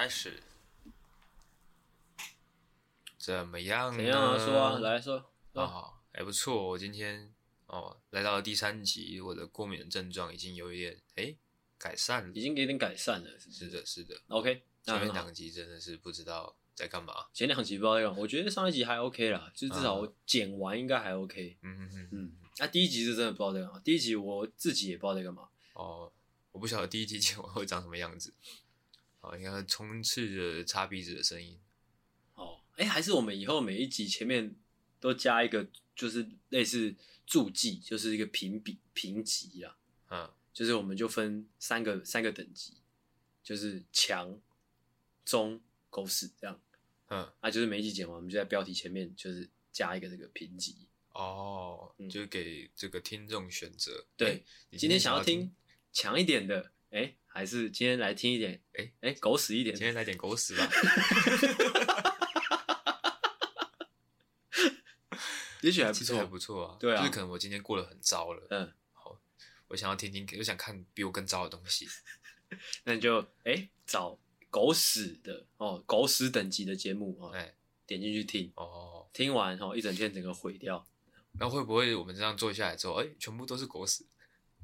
開始怎麼樣？怎樣啊說啊，來說，說、啊、哦好，還不錯。我今天哦，來到了第三集，我的過敏的症狀已經有一點哎、欸、改善了，已經有點改善了。是，是，是的，是的。OK，前面兩集真的是不知道在幹嘛。前兩集不知道在幹嘛，我覺得上一集還 OK 啦，就至少我剪完應該還 OK。嗯嗯嗯嗯。那、啊、第一集是真的不知道在幹嘛。第一集我自己也不知道在幹嘛。哦，我不曉得第一集剪完會長什麼樣子。好，應該充斥着擦鼻子的聲音。哦，哎、欸，還是我們以後每一集前面都加一個，就是類似注記，就是一個評比評級啦。啊、嗯，就是我們就分三個三個等級，就是強、中、狗屎這樣。嗯，啊，就是每一集剪完，我們就在標題前面就是加一個這個評級。哦，就給這個聽眾選擇、嗯。對、欸你今，今天想要聽強一點的，哎、欸。還是今天來聽一點，哎、欸、哎、欸，狗屎一點。今天來點狗屎吧。也 許 還不錯，不錯啊。對啊，就是可能我今天過得很糟了。嗯，好，我想要聽聽，又想看比我更糟的東西。那你就哎、欸、找狗屎的哦，狗屎等級的節目哎、哦欸，點進去聽哦，哦，哦。聽完哦，一整天整個毀掉。那會不會我們這樣做下來之後，哎、欸，全部都是狗屎，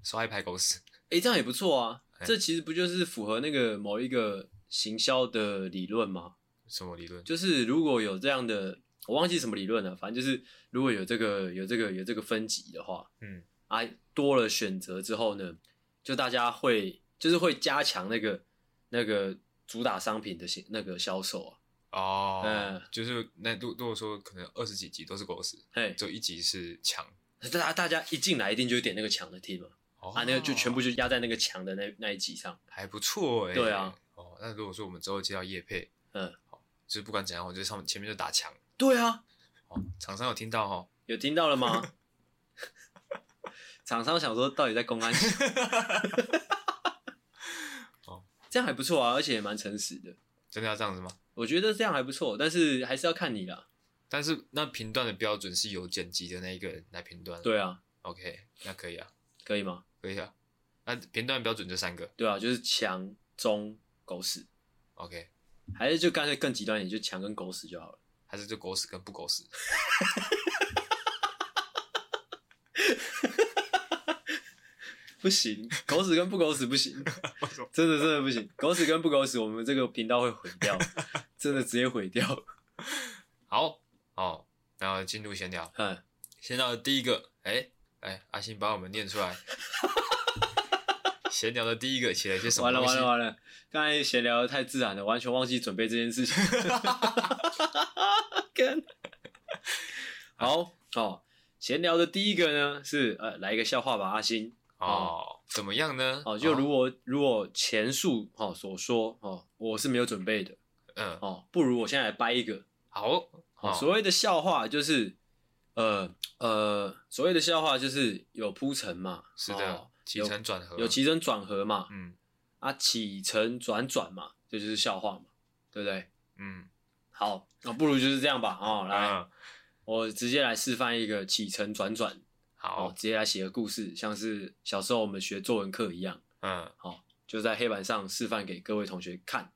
刷一排狗屎，哎、欸，這樣也不錯啊。這其實不就是符合那個某一個行銷的理論嗎？什麼理論？就是如果有這樣的，我忘記什麼理論了。反正就是如果有這個、有這個、有這個分級的話，嗯，啊，多了選擇之後呢，就大家會就是會加強那個那個主打商品的那個銷售啊。哦，嗯，就是那多如果說可能二十幾集都是狗屎，嘿，只有一集是強。大大大家一進來一定就點那個強的聽嘛，啊。啊，那個就全部就壓在那個牆的那那一集上，還不錯哎、欸。對啊，哦，那如果說我們之後接到業配，嗯，好，就是不管怎樣，我就上前面就打牆。對啊，哦，廠商有聽到哈？有聽到了嗎？廠 商想說，到底在公安？ 哦，這樣還不錯啊，而且也蠻誠實的。真的要這樣子嗎？我覺得這樣還不錯，但是還是要看你啦。但是那評斷的標準是由剪輯的那一個人來評斷。對啊，OK，那可以啊，可以嗎？可以啊，那片段標準就三個。對啊，就是強、中、狗屎。OK，還是就乾脆更極端一點，就強跟狗屎就好了。還是就狗屎跟不狗屎。 不行，狗屎跟不狗屎不行。真的真的不行，狗屎跟不狗屎，我們這個頻道會毀掉，真的直接毀掉。好，好，然後進入閒聊。嗯，先到第一個，哎、欸。哎、欸，阿星把我們念出來，閒 聊的第一個寫了些什麼？完了完了完了！剛才閒聊得太自然了，完全忘記準備這件事情。跟 好哦，閒聊的第一個呢是呃，來一個笑話吧，阿星哦，哦，怎麼樣呢？哦，就如果、哦、如我前述哦，所說哦，我是沒有準備的，嗯哦，不如我先來掰一個好，哦哦、所謂的笑話就是呃。呃，所謂的笑話就是有鋪陳嘛，是的，哦、起承轉合有，有起承轉合嘛，嗯，啊，起承轉轉嘛，這就，就是笑話嘛，對不對？嗯，好，那不如就是這樣吧，啊、哦，來啊，我直接來示範一個起承轉轉，好、哦，直接來寫個故事，像是小時候我們學作文課一樣，嗯，好、哦，就在黑板上示範給各位同學看，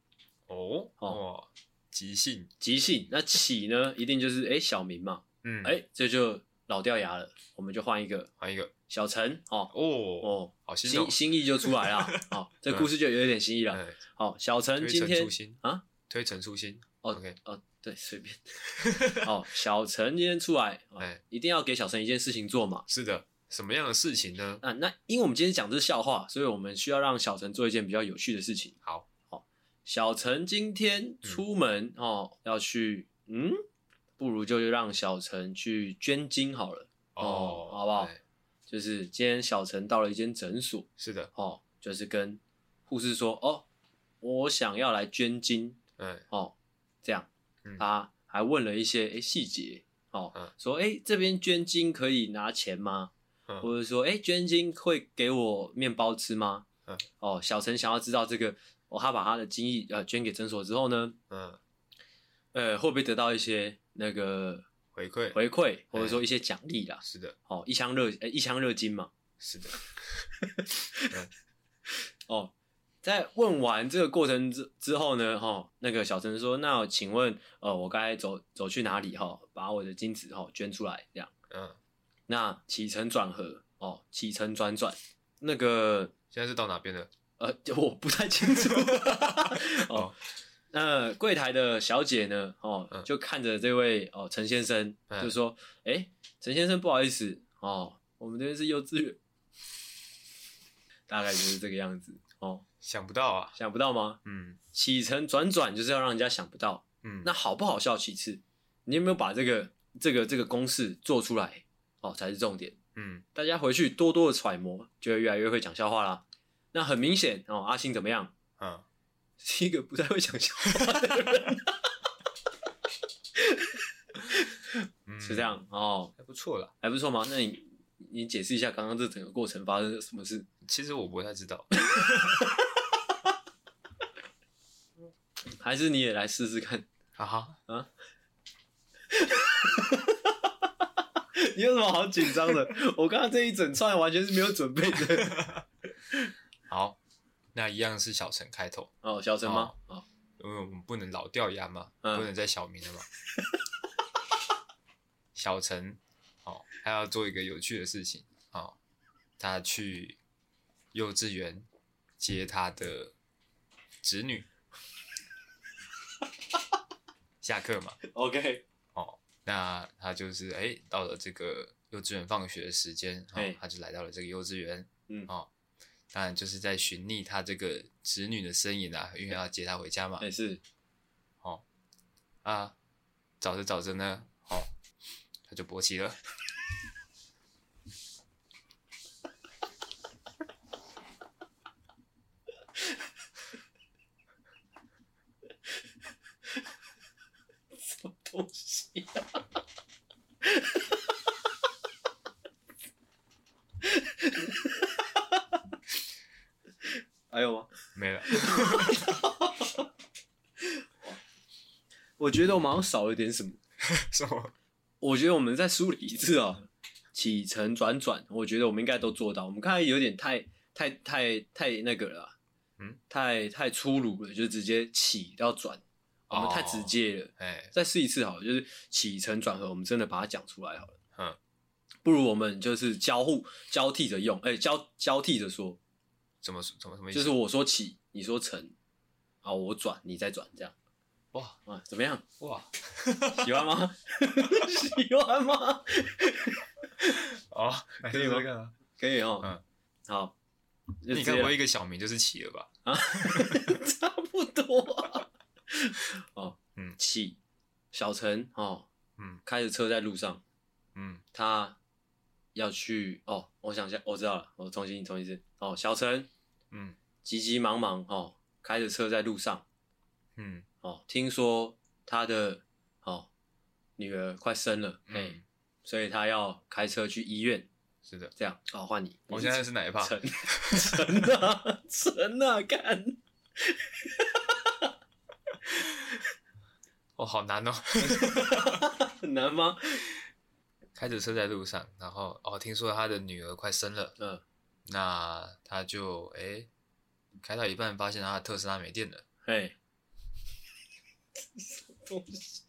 哦，哇、哦，即興，即興，那起呢一定就是哎、欸、小明嘛，嗯，哎、欸、這就。老掉牙了，我們就換一個，換一個小陳哦哦、oh, 哦，好，新意，新意就出來了，好、 哦，這個、故事就有一點新意了。對好，小陳今天推陳出新啊，推陳出新，哦、okay. 哦，對，隨便。 哦，小陳今天出來，哎、哦， 一定要給小陳一件事情做嘛。是的，什麼樣的事情呢？啊，那因為我們今天講的是笑話，所以我們需要讓小陳做一件比較有趣的事情。好，好，小陳今天出門、嗯、哦，要去嗯。不如就讓小陳去捐精好了，oh, 哦，好不好？就是今天小陳到了一間診所，是的哦，就是跟護士說哦，我想要來捐精，嗯、哎、哦，這樣、嗯，他還問了一些誒細節，哦，啊、說誒這邊捐精可以拿錢嗎？啊、或者說誒捐精會給我麵包吃嗎？啊、哦，小陳想要知道這個，哦、他把他的精液呃捐給診所之後呢？嗯、啊。呃，會不會得到一些那個回饋？回饋或者說一些獎勵啦？是的，哦，一箱熱，呃、欸，一箱熱金嘛？是的。 哦，在問完這個過程之之後呢，哈、哦，那個小陳說：“那請問，呃，我該走走去哪裡？哈、哦，把我的金子哈、哦、捐出來，這樣。”嗯，那起承轉合，哦，起承轉轉，那個現在是到哪邊了？呃，我不太清楚。 哦。 哦那、呃、櫃檯的小姐呢？哦，嗯、就看着這位哦，陳先生、嗯，就說：“哎、欸，陳先生，不好意思哦，我們這邊是幼稚園，大概就是這個樣子哦。”想不到啊，想不到嗎？嗯，起承轉轉就是要讓人家想不到。嗯，那好不好笑其次，你有沒有把這個這個這個公式做出來？哦，才是重點。嗯，大家回去多多的揣摩，就會越來越會講笑話啦。那很明顯哦，阿星怎麼樣？嗯。是一個不太會講笑話的人 是這樣哦，還不錯了，還不錯嗎？那你你解釋一下剛剛這整個過程發生了什麼事？其實我不太知道， 還是你也來試試看？uh -huh. 啊？啊？ 你有什麼好緊張的？ 我剛剛這一整串完全是沒有準備的。 好。那一樣是小陳開頭哦，小陳嗎？因、哦、為我們不能老掉牙嘛，嗯、不能再小明了嘛。小陳哦，他要做一個有趣的事情哦，他去幼稚園接他的侄女，下課嘛。OK，哦，那他就是哎、欸，到了這個幼稚園放學的時間，哦、欸，他就來到了這個幼稚園，嗯，哦。當然，就是在尋覓他這個侄女的身影啦、啊，因為要接她回家嘛。也、欸、是，好、哦、啊，找着找着呢，好、哦，他就勃起了。 什麼東西啊？我覺得我們好像少了一點什麼，什麼？我覺得我們再梳理一次啊、喔，起承轉轉，我覺得我們應該都做到。我們剛才有點太太太太那個了，嗯，太太粗魯了，就直接起到轉，我們太直接了，哎，再試一次好了，就是起承轉合，我們真的把它講出來好了。嗯，不如我們就是交互交替着用，哎，交交替着說，怎麼怎麼怎麼，就是我說起，你說承啊，我轉，你再轉，這樣。哇啊，怎麼樣？哇，喜歡嗎？喜 歡 嗎？啊、哦，可以嗎？可以哦。嗯，好。你給我一個小名就是企鵝吧？啊， 差不多、啊。哦，嗯，企小陳哦，嗯，開着車在路上，嗯，他要去哦。我想一下、哦，我知道了，我重新重新哦，小陳，嗯，急急忙忙哦，開着車在路上，嗯。哦，聽說他的哦女兒快生了，嗯，所以他要開車去醫院。是的，這樣。好、哦，換你。我現在是哪一趴？沉沉啊，沉啊，幹。我、哦、好難哦， 很難嗎？開着車在路上，然後哦，聽說他的女兒快生了，嗯，那他就哎、欸、開到一半，發現他的特斯拉沒電了，哎。什麼東西？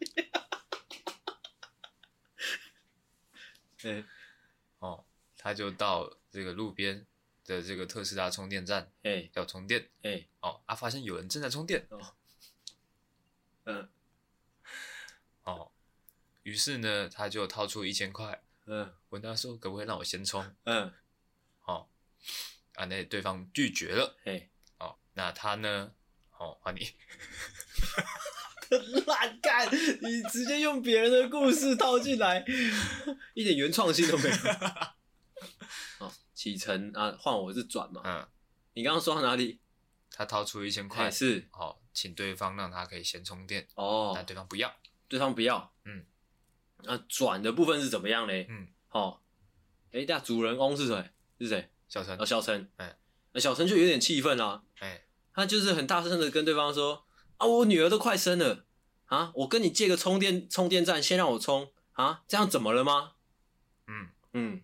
哎、 欸，哦，他就到這個路邊的這個特斯拉充電站，哎、欸，要充電，哎、欸，哦，啊，發現有人正在充電，哦，嗯、呃，哦，於是呢，他就掏出一千塊，嗯、呃，問他說可不可以讓我先充，嗯、呃，哦，啊，那對方拒絕了，哎、欸，哦，那他呢，嗯、哦，換你。 亂幹！你直接用別人的故事套進來， 一點原創性都沒有、 哦。起承啊，換我是轉嘛。嗯，你剛剛說到哪裡？他掏出一千塊、欸，是。好、哦，請對方讓他可以先充電。哦，但對方不要。對方不要。嗯。那、啊、轉的部分是怎麼樣嘞？嗯。好、哦。哎、欸，那主人翁是誰？是誰？小陳。哦，小陳。哎、欸啊。小陳就有點氣憤啊。哎、欸。他就是很大聲的跟對方說。啊，我女兒都快生了，啊，我跟你借個充電充電站，先讓我充，啊，這樣怎麼了嗎？嗯嗯，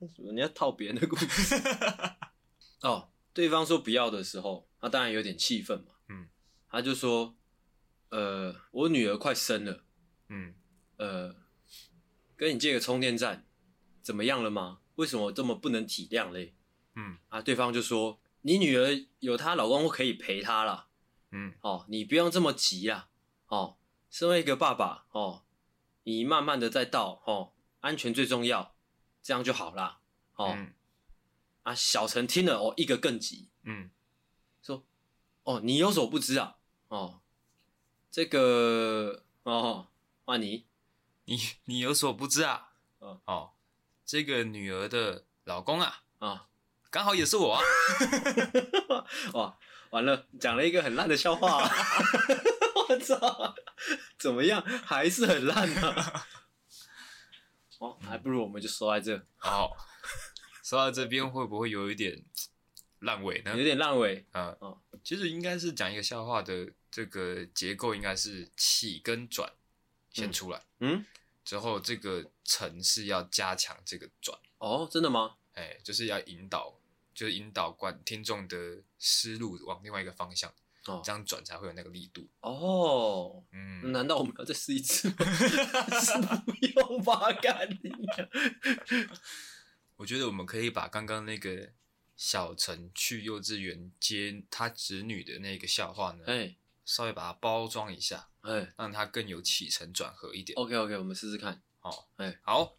為什麼你要套別人的故事？ 哦，對方說不要的時候，他當然有點氣憤嘛。嗯，他就說，呃，我女兒快生了，嗯，呃，跟你借個充電站，怎麼樣了嗎？為什麼我這麼不能體諒嘞？嗯，啊，對方就說。你女兒有她老公，我可以陪她了。嗯，哦，你不用這麼急了、啊。哦，身為一個爸爸，哦，你慢慢的再到，哦，安全最重要，這樣就好啦。哦，嗯、啊，小陳聽了，哦，一個更急。嗯，說，哦，你有所不知啊。哦，這個，哦，曼妮，你你有所不知啊哦。哦，這個女兒的老公啊，啊、哦。剛好也是我，啊， 哇，完了，講了一個很爛的笑話、啊， 我操，怎麼樣，還是很爛呢、啊。哦，還不如我們就說在這好，好。說到這邊會不會有一點爛尾呢？有點爛尾啊、嗯，其實應該是講一個笑話的這個結構應該是起跟轉先出來，嗯，嗯，之後這個層次要加強這個轉，哦，真的嗎？哎、欸，就是要引導。就是引導觀聽眾的思路往另外一個方向，oh. 這樣轉才會有那個力度哦。Oh. 嗯，難道我們要再試一次嗎？不用吧，趕緊的！我覺得我們可以把剛剛那個小陳去幼稚園接他侄女的那個笑話呢，hey. 稍微把它包裝一下，哎、hey.，讓它更有起承轉合一點。OK，OK，、okay, okay, 我們試試看。哦 hey. 好，哎，好，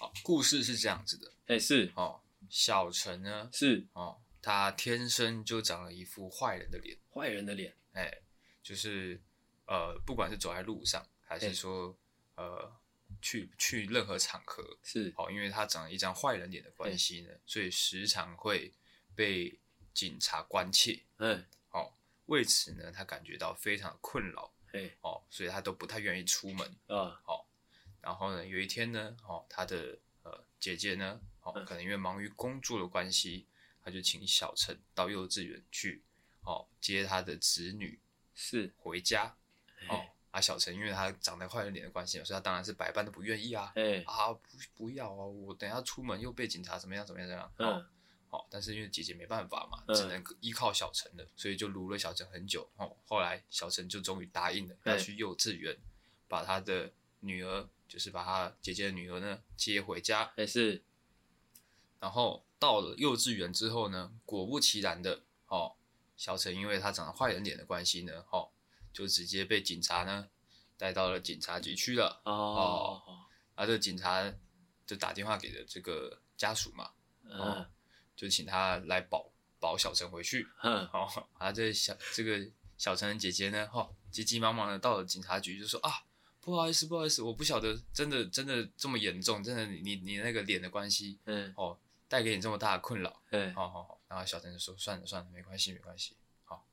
好，故事是這樣子的，哎、hey,，是，好、哦。小陳呢，是哦，他天生就長了一副壞人的臉，壞人的臉，哎、欸，就是，呃，不管是走在路上，還是說，欸、呃，去去任何場合，是哦，因為他長了一張壞人臉的關係呢、欸，所以時常會被警察關切，嗯，哦，為此呢，他感覺到非常困擾，哎、欸，哦，所以他都不太願意出門，嗯、啊，好、哦，然後呢，有一天呢，哦，他的呃姐姐呢。哦，可能因為忙於工作的關係，他就請小陳到幼稚園去，哦，接他的侄女是回家。哦，欸、啊，小陳因為他長得快一點的關係，所以他當然是百般都不願意啊，哎、欸，啊，不不要啊，我等下出門又被警察怎麼樣怎麼樣怎麼樣，這樣。哦、嗯。哦，但是因為姐姐沒辦法嘛，只能依靠小陳的、嗯，所以就盧了小陳很久。哦，後來小陳就終於答應了、欸，要去幼稚園，把他的女兒，就是把他姐姐的女兒呢接回家。但、欸、是。然後到了幼稚園之後呢，果不其然的，哦，小陳因為他長得壞人臉的關係呢，哦，就直接被警察呢帶到了警察局去了。哦哦，然、oh. 後、啊、警察就打電話給了這個家屬嘛，嗯、哦，uh. 就請他來保保小陳回去。嗯，好，啊，這小這個小陳的姐姐呢，哈、哦，急急忙忙的到了警察局就說啊，不好意思，不好意思，我不曉得真的真的這麼嚴重，真的你你那個臉的關係，嗯、uh.，哦。帶給你這麼大的困擾，好好好。然後小陳就說：“算了算了，沒關係沒關係。哦”好，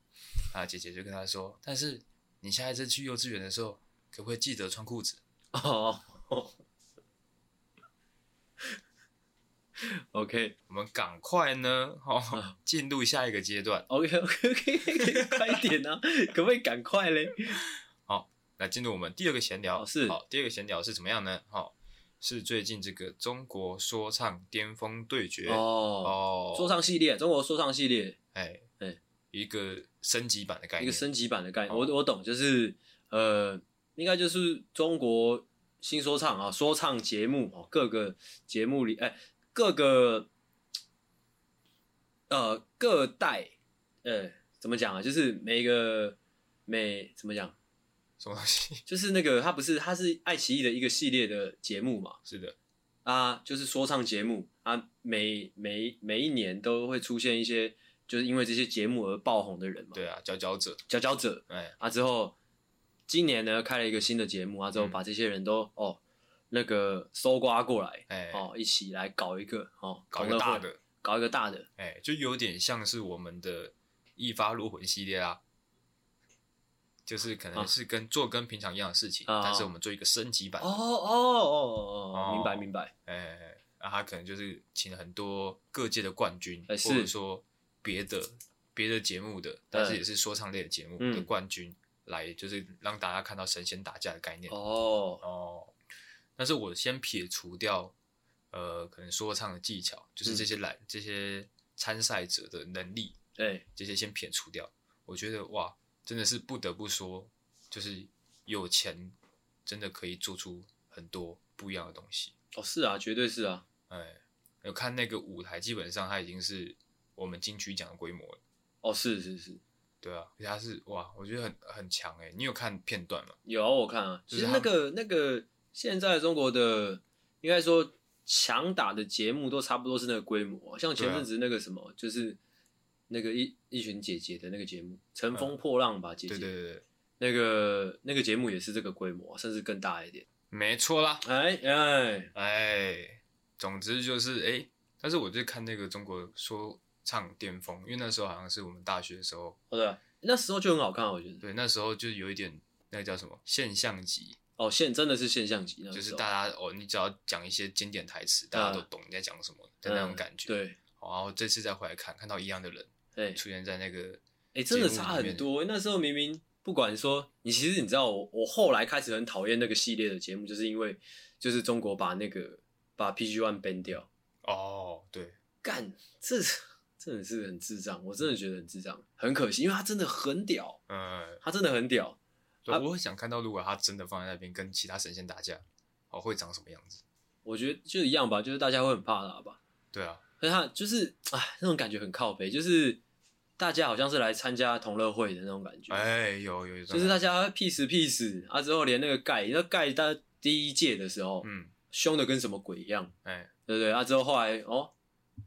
啊，姐姐就跟他說：“但是你現在在去幼稚園的時候，可不可以記得穿褲子？”哦、oh.，OK，我們趕快呢，好、哦，進入下一個階段。Oh. OK OK OK， 快點啊， 可不可以趕快嘞？好，來進入我們第二個閒聊、oh, 是，好，第二個閒聊是怎麼樣呢？好、哦。是最近這個中國說唱巔峰對決哦，哦，說唱系列，中國說唱系列，哎、欸、哎、欸，一個升級版的概念，一個升級版的概念，哦、我我懂，就是呃，應該就是中國新說唱啊，說唱節目，各個節目裡，哎、欸，各個呃各代呃、欸、怎麼講啊？就是每一個每怎麼講？什麼東西？就是那個，他不是，他是愛奇藝的一個系列的節目嘛？是的，啊，就是說唱節目啊，每每每一年都會出現一些，就是因為這些節目而爆紅的人嘛。對啊，佼佼者，佼佼者，哎，啊，之後、嗯、今年呢開了一個新的節目啊，之後把這些人都、嗯、哦，那個搜刮過來，哎、欸，哦，一起來搞一個，哦，搞一個大的，搞一個大的，哎、欸，就有點像是我們的《一發入魂》系列啊。就是可能是跟、啊、做跟平常一樣的事情、哦，但是我們做一個升級版的。哦哦哦哦，明白明白。哎、欸，啊，他可能就是請了很多各界的冠軍，哎、或者說別的別的節目的，但是也是說唱類的節目的冠軍、嗯、來，就是讓大家看到神仙打架的概念。哦哦，但是我先撇除掉，呃，可能說唱的技巧，就是這些來、嗯、這些參賽者的能力，對、哎，這些先撇除掉，我覺得哇。真的是不得不說，就是有錢，真的可以做出很多不一樣的東西。哦，是啊，絕對是啊，哎、欸，有看那個舞台，基本上它已經是我們金曲獎的規模了。哦，是是是，對啊，它是哇，我覺得很很強哎、欸。你有看片段嗎？有、啊，我看啊。就是、其實那個那個，現在中國的應該說強打的節目都差不多是那個規模，像前陣子那個什麼，啊、就是。那個一一群姐姐的那個節目《乘風破浪》吧、嗯，姐姐。對對對，那個那個節目也是這個規模，甚至更大一點。沒錯啦，哎哎哎，總之就是哎，但是我就看那個《中國說唱巔峰》，因為那時候好像是我們大學的時候。哦，對、啊，那時候就很好看，我覺得。對，那時候就有一點那個叫什麼現象級哦，現真的是現象級，就是大家哦，你只要講一些經典台詞、嗯，大家都懂你在講什麼的、嗯、那種感覺。對，好，然後這次再回來看，看到一樣的人。對，出現在那個哎、欸，真的差很多，欸。那時候明明不管說你，其實你知道我，我後來開始很討厭那個系列的節目，就是因為就是中國把那個把 PG One ban 掉哦，對，幹這真的是很智障，我真的覺得很智障，很可惜，因為他真的很屌，嗯，他真的很屌。對，我會想看到如果他真的放在那邊跟其他神仙打架，哦，會長什麼樣子？我覺得就一樣吧，就是大家會很怕他吧？對啊，所以他就是哎，那種感覺很靠北，就是。大家好像是來參加同樂會的那種感覺，哎、欸，有有一種就是大家屁死屁死啊！之後連那個蓋、嗯，那蓋在第一屆的時候，嗯，兇的跟什麼鬼一樣，哎、欸，對不對，對？啊，之後後來哦、喔，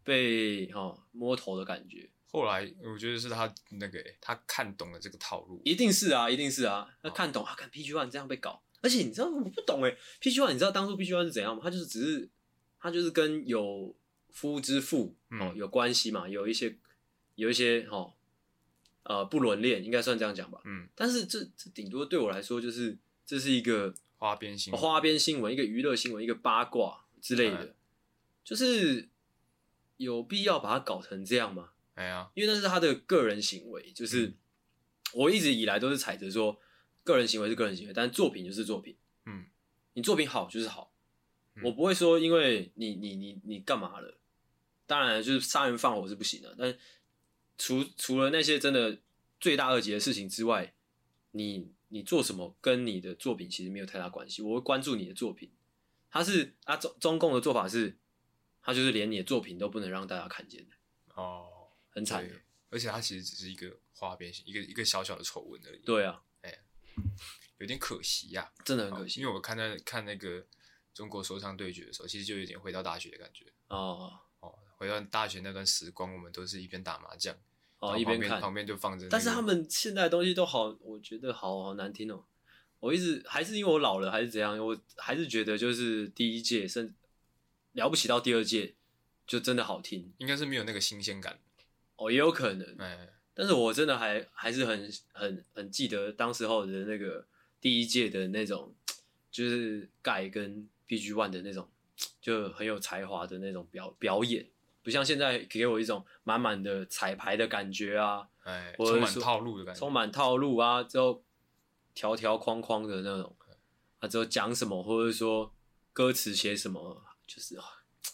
被哦、喔，摸頭的感覺。後來我覺得是他那個，他看懂了這個套路，一定是啊，一定是啊，喔、他看懂他看 P G One 這樣被搞，而且你知道我不懂哎，P G One 你知道當初 P G One 是怎樣嗎？他就是只是他就是跟有夫之婦哦、喔嗯、有關係嘛，有一些。有一些哦，呃，不倫戀應該算這樣講吧。嗯，但是這這頂多對我來說就是這是一個花邊新聞，花邊新聞、哦，一個娛樂新聞，一個八卦之類的、哎，就是有必要把它搞成這樣嗎？哎呀，因為那是他的個人行為。就是、嗯、我一直以來都是採擇說，個人行為是個人行為，但作品就是作品。嗯，你作品好就是好，嗯、我不會說因為你你你你幹嘛了。當然，就是殺人放火是不行的，但。除除了那些真的罪大惡極的事情之外，你你做什麼跟你的作品其實沒有太大關係。我會關注你的作品，他是啊中中共的做法是，他就是連你的作品都不能讓大家看見的哦，很慘的。而且他其實只是一個花邊新聞，一個一個小小的醜聞而已。對啊，哎、欸，有點可惜呀、啊，真的很可惜。哦、因為我看那看那個中國說唱對決的時候，其實就有點回到大學的感覺哦哦，回到大學那段時光，我們都是一邊打麻將。哦，一邊看旁邊就放着那個。但是他們現在的東西都好，我覺得好好難聽哦，喔。我一直還是因為我老了還是怎樣，我還是覺得就是第一屆，甚至了不起到第二屆就真的好聽，應該是沒有那個新鮮感。哦，也有可能。哎，哎，但是我真的還還是很很很記得當時候的那個第一屆的那種，就是 GAI 跟 PG One 的那種，就很有才華的那種表表演。不像現在給我一種滿滿的彩排的感覺啊，欸、充滿套路的感覺，充滿套路啊，之後條條框框的那種、欸、啊，之後講什麼，或者說歌詞寫什麼，就是、啊嗯、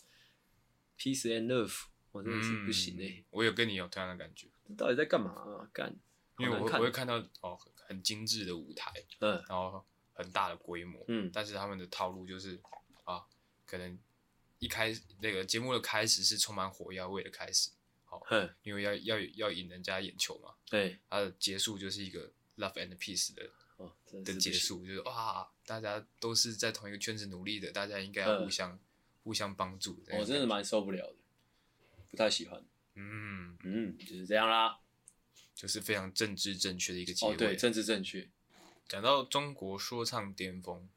Peace and love，我真的是不行嘞、欸。我有跟你有同樣的感覺，到底在幹嘛啊？幹？因為我我會看到哦，很精緻的舞台，嗯，然後很大的規模，嗯，但是他們的套路就是啊，可能。一開那、這個節目的開始是充滿火藥味的開始，好、哦嗯，因為要要要引人家眼球嘛。對，它的結束就是一個 love and peace 的、哦、的，的結束，就是哇，大家都是在同一個圈子努力的，大家應該要互相、嗯、互相幫助。我、哦這個哦、真的蠻受不了的，不太喜歡。嗯嗯，就是這樣啦，就是非常政治正確的一個結尾、哦。對，政治正確。講到中國說唱巔峰。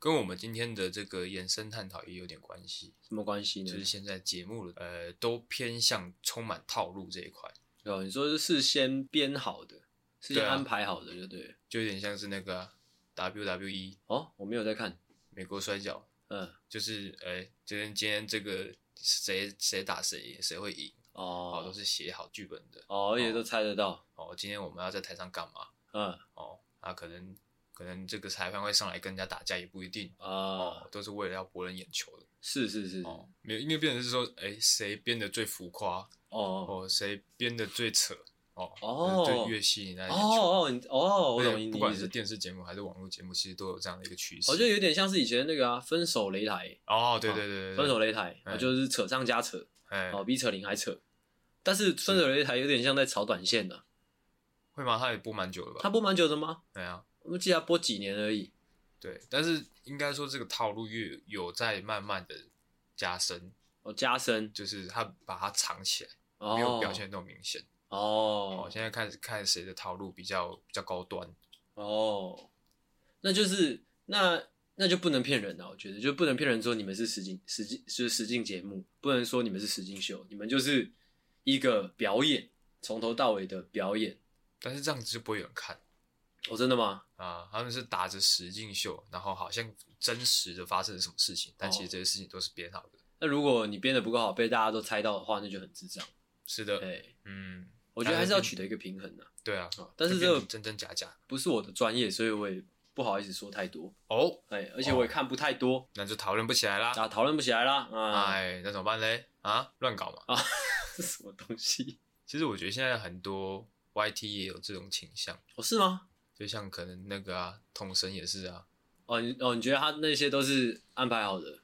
跟我們今天的這個延伸探討也有點關係，什麼關係呢？就是現在節目的呃，都偏向充滿套路這一塊。哦，你說是事先編好的，事先安排好的，就對，對、啊。就有點像是那個、啊、WWE 哦，我沒有在看美國摔角。嗯，就是誒就跟今天這個誰誰打誰，誰會贏哦，好，都是寫好劇本的哦，哦，也都猜得到哦，今天我們要在台上幹嘛？嗯，哦，那、啊、可能，可能這個裁判會上來跟人家打架也不一定、uh, 哦，都是為了要博人眼球的。是是是，哦，沒有，因為變成是說，哎、欸，誰編的最浮誇哦、oh，哦，誰編的最扯哦，哦，就越吸引人哦，哦，哦，不管是電視節目還是網絡節目，其實都有這樣的一個趨勢。我覺得有點像是以前那個啊，分手擂台、欸、哦，對對對對，啊、分手擂台、欸啊，就是扯上加扯，哦、欸啊，比扯鈴還扯，但是分手擂台有點像在炒短線的、啊，會嗎？他也播蠻久了吧？他播蠻久的嗎？對啊。我們記得要播幾年而已，對，但是應該說這個套路越有在慢慢的加深，哦，加深就是他把它藏起來，哦、沒有表現那麼明顯，哦、嗯，現在看看誰的套路比較比較高端，哦，那就是那那就不能騙人了，我覺得就不能騙人說你們是實境實境就是實境節目，不能說你們是實境秀，你們就是一個表演，從頭到尾的表演，但是這樣子就不會有人看。哦、oh，真的嗎？啊，他們是打着實境秀，然後好像真實的發生了什麼事情，oh. 但其實這些事情都是編好的。那如果你編得不夠好，被大家都猜到的話，那就很智障。是的，哎、欸，嗯，我覺得還是要取得一個平衡呢、啊。對啊，但是這個真真假假，不是我的專業，所以我也不好意思說太多。哦，哎，而且我也看不太多，那就討論不起來啦。啊，討論不起來啦。哎、嗯，那怎麼辦嘞？啊，亂搞嘛。啊， 這什麼東西？其實我覺得現在很多 YT 也有這種傾向。哦、oh，是嗎？就像可能那個啊，統神也是啊。哦，你哦，你覺得他那些都是安排好的？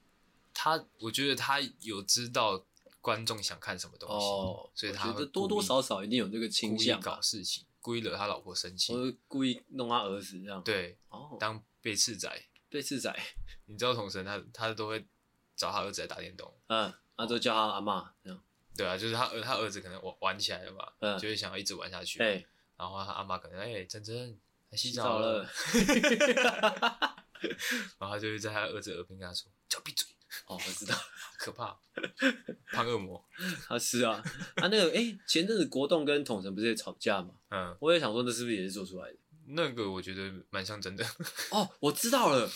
他，我覺得他有知道觀眾想看什麼東西，哦、所以他我覺得多多少少一定有這個傾向。故意搞事情，故意惹他老婆生氣，我故意弄他兒子這樣。對，哦。當背刺仔，背刺仔。 你知道統神他他都會找他兒子來打電動，嗯，他、啊、都叫他阿嬤這樣。對啊，就是他兒他兒子可能玩玩起來了嘛、嗯，就會想要一直玩下去。哎、欸，然後他阿嬤可能哎、欸、真真。洗澡了， 然後他就會在他兒子耳邊跟他說：“叫閉嘴！”哦，我知道， 可怕，胖惡魔、啊。他是啊， 啊，那個，哎、欸，前陣子國動跟統神不是也吵架嘛？嗯，我也想說，那是不是也是做出來的？那個我覺得蠻像真的。哦，我知道了，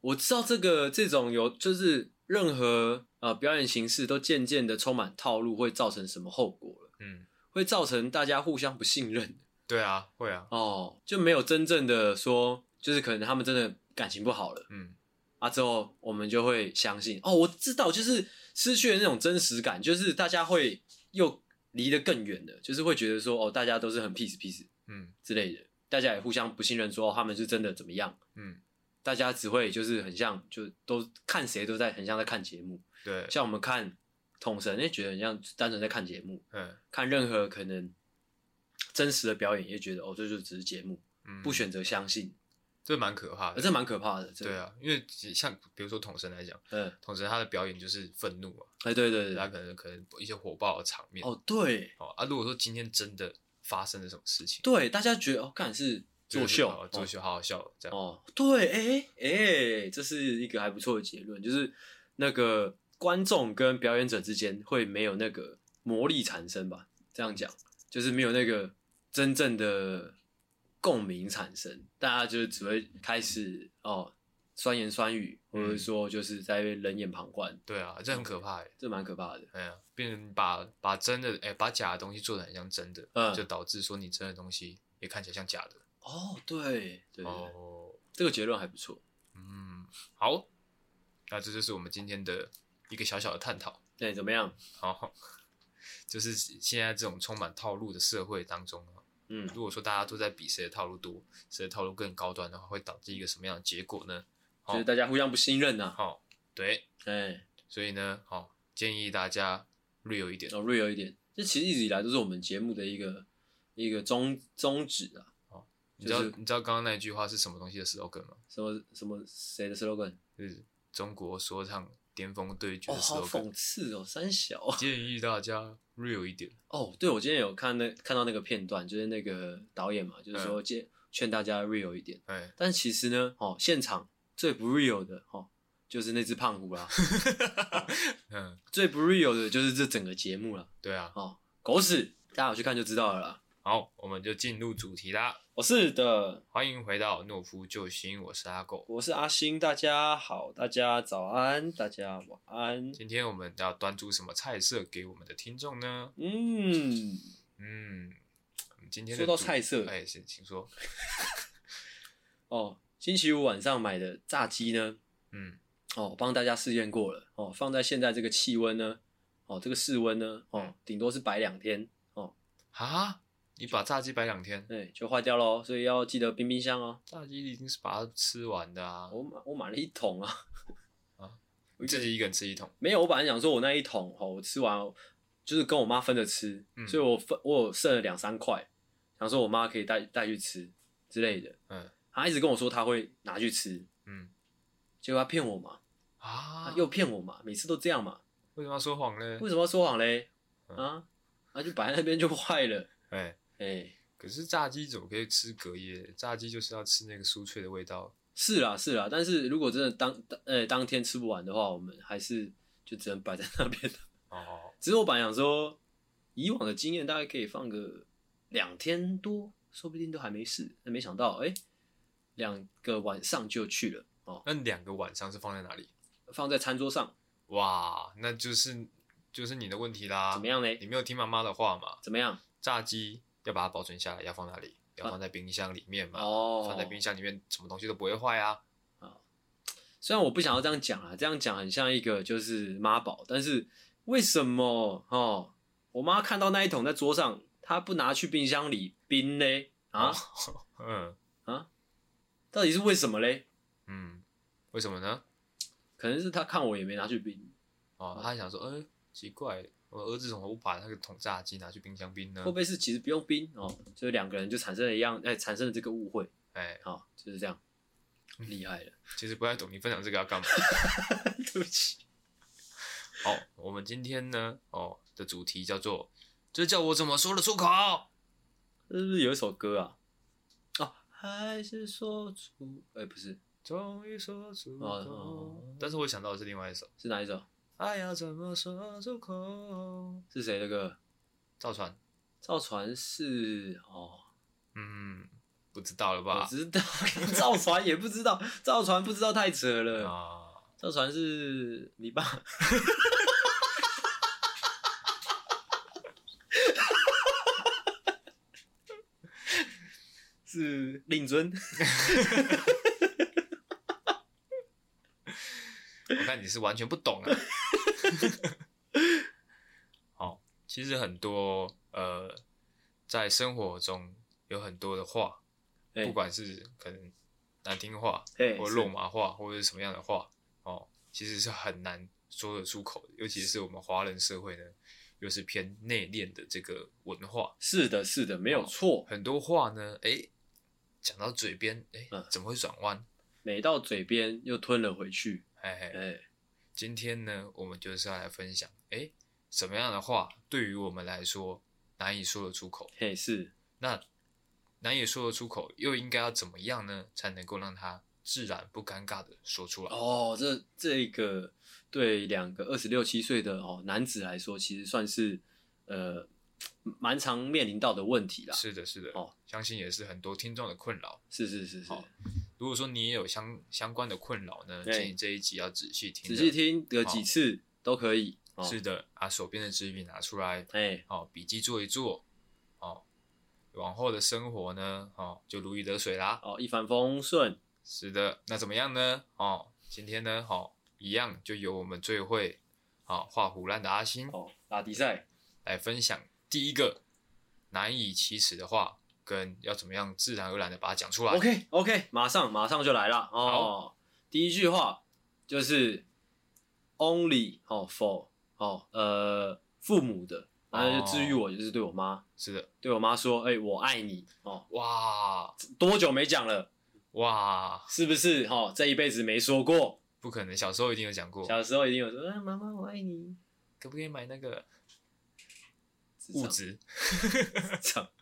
我知道這個這種有就是任何啊、呃、表演形式都漸漸的充滿套路，會造成什麼後果了？嗯，會造成大家互相不信任。對啊，會啊，哦，就沒有真正的說，就是可能他們真的感情不好了，嗯，啊，之後我們就會相信，哦，我知道，就是失去了那種真實感，就是大家會又離得更遠的，就是會覺得說，哦，大家都是很 peace peace，嗯，之類的、嗯，大家也互相不信任說，說、哦、他們是真的怎麼樣，嗯，大家只會就是很像，就都看誰都在很像在看節目，對，像我們看統神，也、欸、覺得很像單純在看節目，嗯，看任何可能。真實的表演也覺得哦，這就只是節目、嗯，不選擇相信，這蠻可怕的，這蠻可怕的。對啊，因為像比如說統神來講，嗯，統神他的表演就是憤怒啊，哎，對對對，他可能可能一些火爆的場面哦，對哦，啊，如果說今天真的發生了什麼事情，對，大家覺得哦，看是作秀，作、就是、秀、哦，好好笑這樣哦，對，哎哎，這是一個還不錯的結論，就是那個觀眾跟表演者之間會沒有那個魔力產生吧？這樣講就是沒有那個。真正的共鳴產生，大家就只會開始哦，酸言酸語，或者說就是在冷眼旁觀，嗯。對啊，這很可怕，哦，這蠻可怕的。哎呀、啊，並人把把真的哎、欸，把假的東西做得很像真的，嗯，就導致說你真的東西也看起來像假的。哦，對，對，對。哦，這個結論還不錯。嗯，好，那這就是我們今天的一個小小的探討。對、欸，怎麼樣？好，就是現在這種充滿套路的社會當中啊。嗯，如果說大家都在比誰的套路多，誰的套路更高端的話，會導致一個什麼樣的結果呢？所、就、以、是、大家互相不信任吶、啊。好、哦，對，哎，所以呢，好、哦、建議大家 real 一點哦、oh,，real 一點，這其實一直以來都是我們節目的一個一個宗宗旨啊。哦，你知道、就是、你知道剛剛那句話是什麼東西的 slogan 嗎？什麼什麼誰的 slogan？、就是中國說唱，巔峰對決的時候，哦，好諷刺哦！三小、啊、建議大家 real 一點哦。Oh, 對，我今天有看那看到那個片段，就是那個導演嘛，就是說勸、嗯、勸大家 real 一點、嗯。但其實呢，哦，現場最不 real 的哈、哦，就是那只胖虎啦、 啊。嗯。最不 real 的就是這整個節目了。對啊。哦，狗屎，大家有去看就知道了啦。好，我們就進入主題啦。我是的，歡迎回到《懦夫救星》，我是阿狗，我是阿星。大家好，大家早安，大家晚安。今天我們要端出什麼菜色給我們的聽眾呢？嗯嗯，今天說到菜色，哎、欸，先請說。 哦，星期五晚上買的炸雞呢？嗯，哦，我幫大家試驗過了，哦，放在現在這個氣溫呢，哦，這個室溫呢，哦，頂多是擺兩天，哦啊。你把炸雞擺兩天，對，就壞掉嘍，所以要記得冰冰箱哦、喔。炸雞已經是把它吃完的啊。我買我買了一桶啊， 啊，你自己一個人吃一桶？沒有，我本來想說我那一桶哦，我吃完就是跟我媽分着吃、嗯，所以我分我有剩了兩三塊，想說我媽可以帶帶去吃之類的。嗯，她一直跟我說她會拿去吃，嗯，結果她騙我嘛，啊，又騙我嘛，每次都這樣嘛。為什麼要說謊嘞？為什麼要說謊嘞？啊，那、 啊、就擺在那邊就壞了，欸哎、欸，可是炸雞怎麼可以吃隔夜？炸雞就是要吃那個酥脆的味道。是啦，是啦，但是如果真的當，呃、欸，當天吃不完的話，我們還是就只能擺在那邊。哦。其實我本來想說，以往的經驗大概可以放個兩天多，說不定都還沒事。但沒想到，哎、欸，兩個晚上就去了。哦。那兩個晚上是放在哪裡？放在餐桌上。哇，那就是就是你的問題啦。怎麼樣嘞？你沒有聽媽媽的話嘛？怎麼樣？炸雞。要把它保存下來，要放哪裡？要放在冰箱裡面嘛？啊、哦，放在冰箱裡面，什麼東西都不會壞啊！啊，雖然我不想要這樣講啊，這樣講很像一個就是媽寶，但是為什麼哦？我媽看到那一桶在桌上，她不拿去冰箱裡冰呢？啊，哦、嗯啊，到底是為什麼嘞？嗯，為什麼呢？可能是她看我也沒拿去冰，哦，她想說，嗯、欸、奇怪。我兒子怎麼不把那個桶炸雞拿去冰箱冰呢？會不會是其實不用冰哦、喔，就是兩個人就產生了一樣，哎，產生了這個誤會，哎、欸，好、喔，就是這樣，厲害了。其實不太懂你分享這個要幹嘛， 對不起。好，我們今天呢，哦、喔、的主題叫做，這叫我怎麼說得出口？是不是有一首歌啊？哦、喔，還是說出，哎、欸，不是，終於說出。哦、喔，但是我想到的是另外一首，是哪一首？愛要怎麼說出口？是誰的歌？趙傳。趙傳是哦，oh. 嗯，不知道了吧？不知道，趙傳也不知道，趙 傳不知道太扯了。趙、uh... 傳是你爸， 是令領尊。 你是完全不懂啊！ 好，其實很多呃，在生活中有很多的話，欸、不管是可能難聽話，欸、或肉麻話，或者是什麼樣的話，哦，其實是很難說得出口。尤其是我們華人社會呢，又是偏內斂的這個文化。是的，是的，沒有錯，哦。很多話呢，哎、欸，講到嘴邊，哎、欸，嗯，怎麼會轉彎？沒到嘴邊又吞了回去。嘿嘿嘿今天呢，我們就是要來分享，誒，什麼樣的話對於我們來說難以說得出口？嘿，是。那難以說得出口，又應該要怎麼樣呢，才能夠讓它自然不尷尬的說出來？哦，這這一個對兩個二十六七歲的哦男子來說，其實算是呃蠻常面臨到的問題啦。是的，是的，哦，相信也是很多聽眾的困擾。是是是是。如果說你也有相相關的困擾呢，建、欸、議這一集要仔細聽，聽，仔細聽，有幾次都可以。哦、是的，把、啊、手邊的紙筆拿出來，哎、欸，好、哦，筆記做一做，哦，往後的生活呢，哦，就如魚得水啦，哦，一帆風順。是的，那怎麼樣呢？哦，今天呢，哦、一樣就由我們最會，哦，畫虎爛的阿星，哦，阿迪賽來分享第一個難以啟齒的話。跟要怎麼樣自然而然的把它講出來？OK OK，馬上馬上就來了哦。第一句話就是 Only 哦，for 哦，呃，父母的，然後就治癒我、哦，就是對我媽，是的，對我媽說，哎、欸，我愛你哦。哇，多久沒講了？哇，是不是？哦，這一輩子沒說過？不可能，小時候一定有講過。小時候一定有說，啊、媽媽我愛你，可不可以買那個物質？ 自常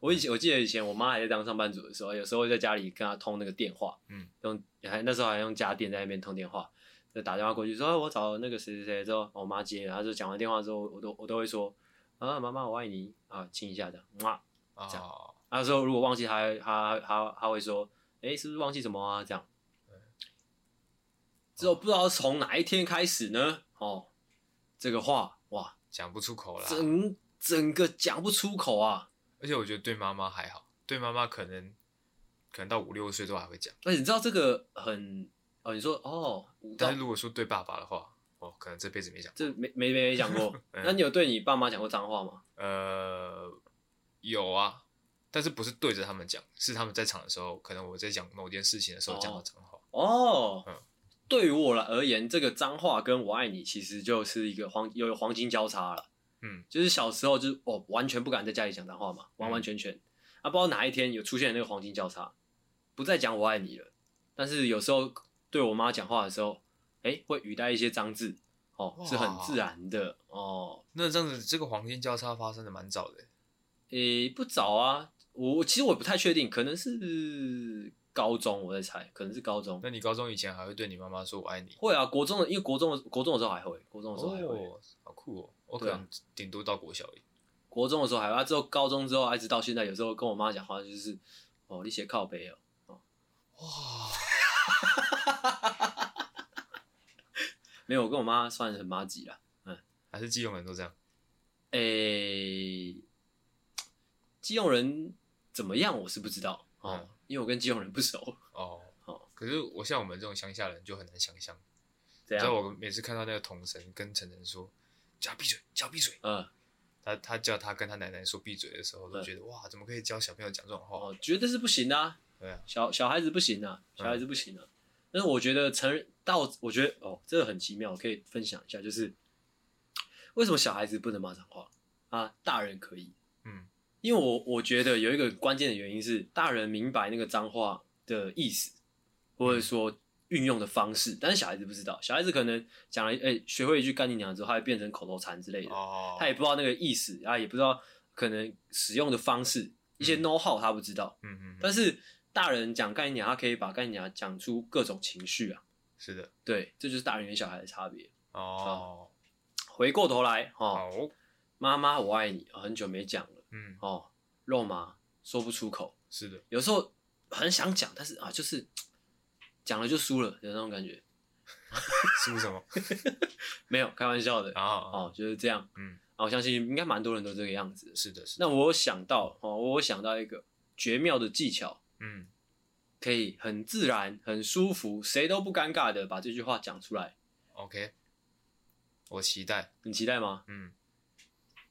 我以前我記得以前我媽還在當上班族的時候，有時候會在家裡跟她通那個電話，嗯、用還那時候還用家電在那邊通電話，就打電話過去說我找那個誰誰誰之後，我媽接，然後就講完電話之後，我都我都會說啊，媽媽我愛你啊，親一下的嘛、嗯啊，這樣。然後說如果忘記她她她她會說，哎、欸，是不是忘記什麼啊？這樣。之後不知道從哪一天開始呢，哦，這個話哇講不出口了，整整個講不出口啊。而且我覺得對媽媽還好，對媽媽可能可能到五六歲都還會講。那、欸、你知道這個很哦？你說哦，但是如果說對爸爸的話，哦，可能這輩子沒講過，這沒沒沒講過、 嗯。那你有對你爸媽講過髒話嗎？呃，有啊，但是不是對着他們講，是他們在場的時候，可能我在講某件事情的時候講到髒話。哦，哦嗯、對於我來而言，這個髒話跟我愛你其實就是一個黃，有黃金交叉了。嗯，就是小時候就，就、哦、是完全不敢在家裡講髒話嘛，完完全全、嗯。啊，不知道哪一天有出現那個黃金交叉，不再講我愛你了。但是有時候對我媽講話的時候，哎、欸，會語帶一些髒字，哦，是很自然的哦。那這樣子，這個黃金交叉發生的蠻早的。誒、欸，不早啊，我其實我不太確定，可能是高中，我在猜，可能是高中。那你高中以前還會對你媽媽說我愛你？會啊，國中的，因為國中的，國中的時候還會，國中的時候還會，好酷哦。哦嗯我可能頂多到國小而已，啊，國中的時候還，啊，之後高中之後，還一直到現在，有時候跟我媽講話就是，哦，你寫靠北哦。啊，哇， 沒有，我跟我媽算很麻吉啦，嗯，還是基隆人都這樣，誒、欸，基隆人怎麼樣，我是不知道，嗯、哦，因為我跟基隆人不熟哦，哦，可是我像我們這種鄉下人就很難想象，你知道，我每次看到那個統神跟成成說。叫他閉嘴，叫他閉嘴。嗯，他他叫他跟他奶奶說閉嘴的時候，就覺得、嗯、哇，怎麼可以教小朋友講這種話、哦？覺得是不行的、啊。對啊，小小孩子不行的，小孩子不行的、啊啊嗯。但是我覺得成人到，我覺得哦，這個很奇妙，我可以分享一下，就是為什麼小孩子不能罵髒話啊？大人可以。嗯，因為我我覺得有一個關鍵的原因是，大人明白那個髒話的意思，或者說。嗯運用的方式，但是小孩子不知道，小孩子可能講了，哎、欸，學會一句“幹你娘”之後，他會變成口頭禪之類的，oh. 他也不知道那個意思，然、啊、也不知道可能使用的方式，一些 know-how 他不知道，嗯嗯。但是大人講“幹你娘”，他可以把“幹你娘”講出各種情緒啊。是的，對，這就是大人跟小孩的差別。哦、oh.。回過頭來，哦，媽媽我愛你，哦、很久沒講了，嗯哦，肉麻說不出口，是的，有時候很想講，但是啊，就是。講了就輸了，有那種感覺。輸 什麼？ 沒有，開玩笑的。啊、oh, oh, 哦，就是這樣。嗯，我相信應該蠻多人都這個樣子。是的，是的。那我想到，哦，我想到一個絕妙的技巧。嗯、um,，可以很自然、很舒服、誰都不尷尬的把這句話講出來。OK，我期待。你期待嗎？嗯、um,。